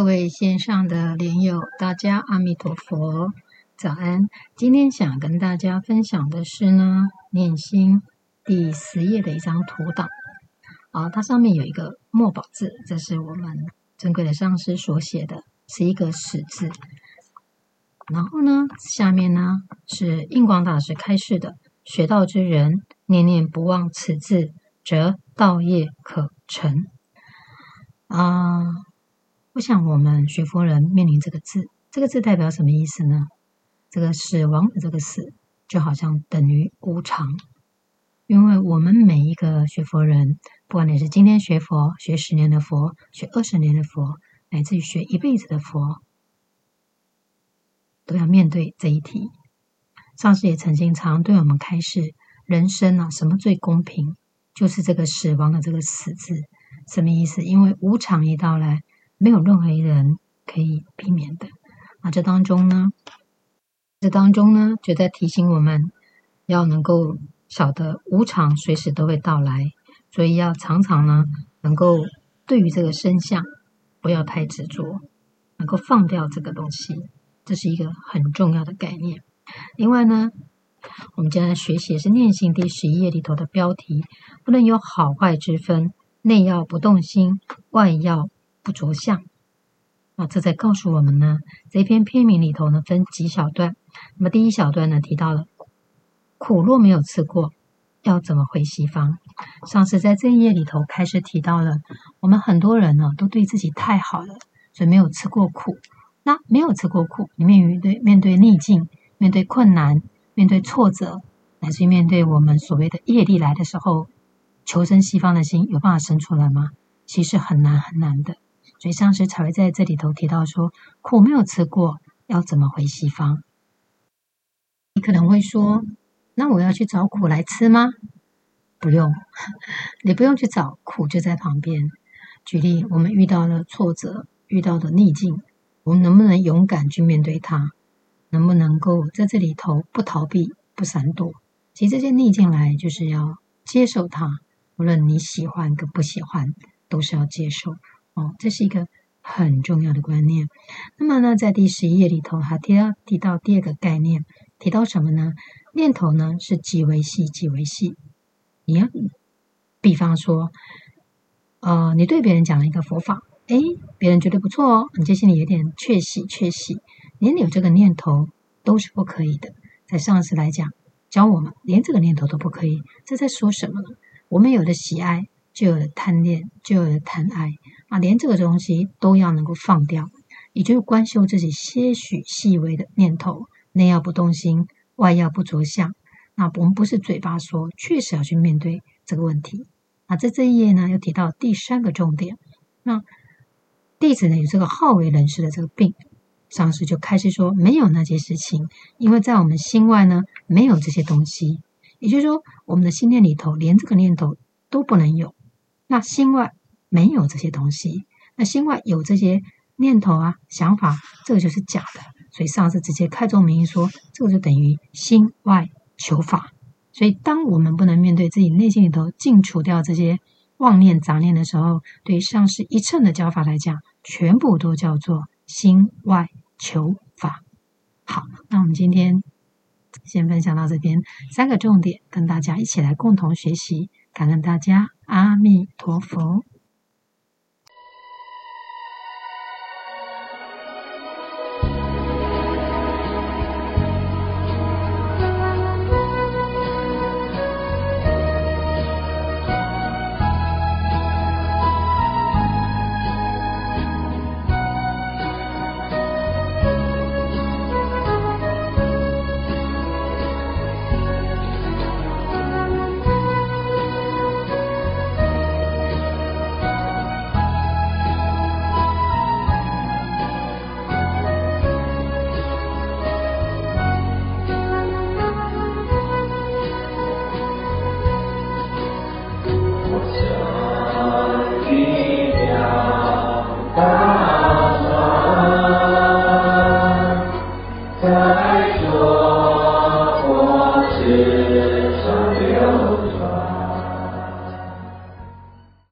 各位線上的蓮友，大家阿彌陀佛，早安！今天想跟大家分享的是呢，《念心》第十頁的一張圖檔啊，它上面有一個墨寶字，這是我們尊貴的上師所寫的，是一個“死」字。然後呢，下面呢是印光大師開示的：學道之人，念念不忘此字，則道業可成。啊、呃。像我,我們學佛人面臨這個字，這個字代表什麼意思呢？這個“死亡”的這個“死”，就好像等於無常。因為我們每一個學佛人，不管你是今天學佛、學十年的佛、學二十年的佛，乃至於學一輩子的佛，都要面對這一題。上師也曾經常,常對我們開示：人生呢、啊，什麼最公平？就是這個“死亡”的這個“死”字，什麼意思？因為無常一到來。沒有任何一人可以避免的。那這當中呢，這當中呢，就在提醒我們要能夠曉得無常隨時都會到來，所以要常常呢，能夠對於這個身相不要太執着，能夠放掉這個東西，這是一個很重要的概念。另外呢，我們今天來學習也是《念性》第十一頁裡頭的標題，不能有好壞之分，內要不動心，外要。不着相啊，那這在告訴我們呢。這篇篇名裡頭呢，分幾小段。那麼第一小段呢，提到了，苦若沒有吃過，要怎麼回西方？上次在這一頁裡頭開始提到了，我們很多人呢，都對自己太好了，所以沒有吃過苦。那沒有吃過苦，你面對面對逆境、面對困難、面對挫折，乃至於面對我們所謂的業力來的時候，求生西方的心有辦法生出來嗎？其實很難很難的。所以上次才會在這裡頭提到說：“苦沒有吃過，要怎麼回西方？”你可能會說：“那我要去找苦來吃嗎？”不用，你不用去找，苦就在旁邊。舉例，我們遇到了挫折，遇到的逆境，我們能不能勇敢去面對它？能不能夠在這裡頭不逃避、不閃躲？其實這些逆境來就是要接受它，無論你喜歡跟不喜歡，都是要接受。哦，這是一個很重要的觀念。那麼呢，在第十一頁裡頭，還提到提到第二個概念，提到什麼呢？念頭呢，是極為細極為細？你、yeah? 比方說，呃，你對別人講了一個佛法，哎，別人覺得不錯哦，你就心裡有點竊喜竊喜，連你有這個念頭都是不可以的。在上師來講，教我們連這個念頭都不可以，這在說什麼呢？我們有了喜愛，就有了貪戀，就有了貪愛。啊，連這個東西都要能夠放掉，也就是觀修自己些許細微的念頭，內要不動心，外要不着相。那我們不是嘴巴說，確實要去面對這個問題。啊，在這一頁呢，又提到第三個重點。那弟子呢，有這個好為人師的這個病，上師就開始說沒有那些事情，因為在我們心外呢沒有這些東西，也就是說，我們的心念裡頭連這個念頭都不能有。那心外。沒有這些東西，那心外有這些念頭啊、想法，這個就是假的。所以上師直接開宗明義說，這個就等於心外求法。所以，當我們不能面對自己內心裡頭淨除掉這些妄念雜念的時候，對於上師一乘的教法來講，全部都叫做心外求法。好，那我們今天先分享到這邊三個重點，跟大家一起來共同學習。感恩大家，阿彌陀佛。